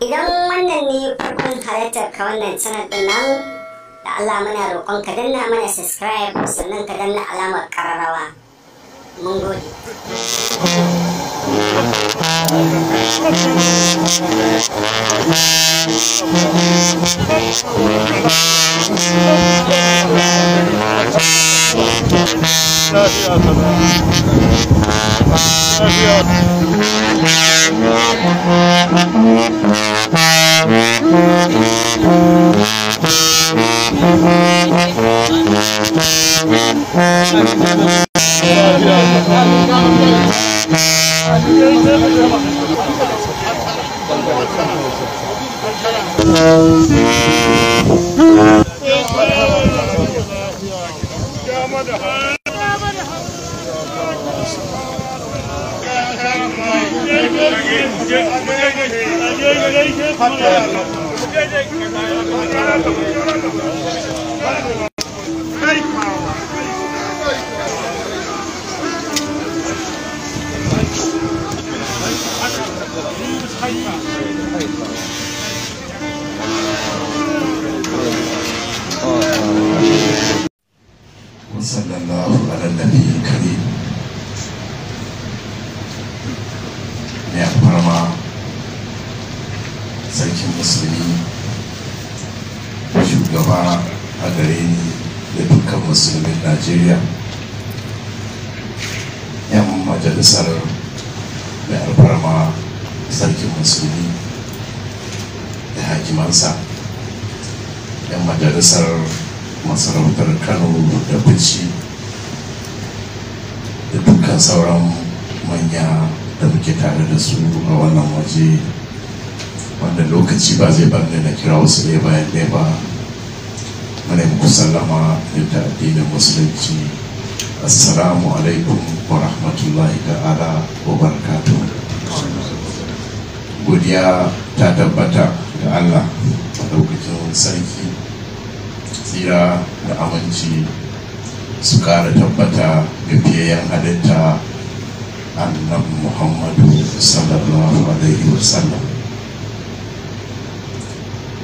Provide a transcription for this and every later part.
idan wannan ne farkon halartar ka wannan sanar din da Allah muna roƙon ka danna mana subscribe sannan ka danna alamar kararrawa mun gode Gracias. Hadi. sarkin musulmi shugaba a gare ni da dukkan musulmin najeriya yan majalisar mai alfarma sarkin musulmi da hakimansa yan majalisar masarautar kano da bici da dukkan sauran manya da muke tare da su a wannan waje wannan lokaci ba zai bar na kira wasu ne bayan ne ba mana yi musallama sallama da addinin musulunci assalamu alaikum wa rahmatullahi ta'ala wa barakatu godiya ta tabbata da allah a lokacin sarki tsira da aminci su kara tabbata ga fiyayen halitta annan muhammadu sallallahu alaihi wasallam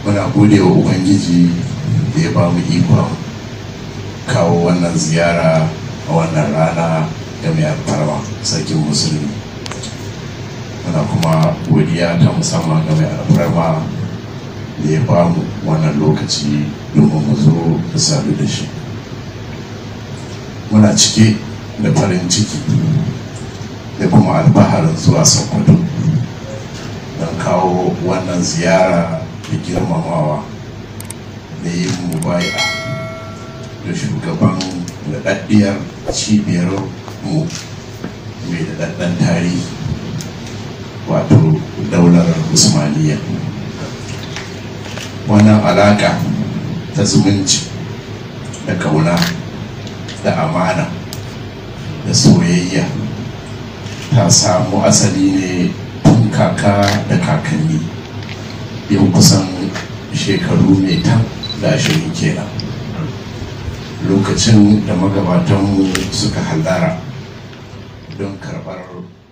muna gode wa ubangiji da ya ba mu ikon kawo wannan ziyara a wannan rana da mai alfarma sarkin musulmi muna kuma godiya ta musamman ga mai alfarma da ya ba mu wannan lokaci domin mu zo da sadu da shi muna cike da farin ciki da kuma alfaharin zuwa sokoto don kawo wannan ziyara da girmamawa da yin mubaya da shugaban naɗaɗɗiyar cibiyar mu mai daɗaɗɗen tarihi wato daular usmaniya wannan alaƙa ta zumunci da kauna da amana da soyayya ta samu asali ne tun kaka da kakanni yau kusan shekaru mai ta da ashirin kenan lokacin da magabatanmu suka hallara don karɓar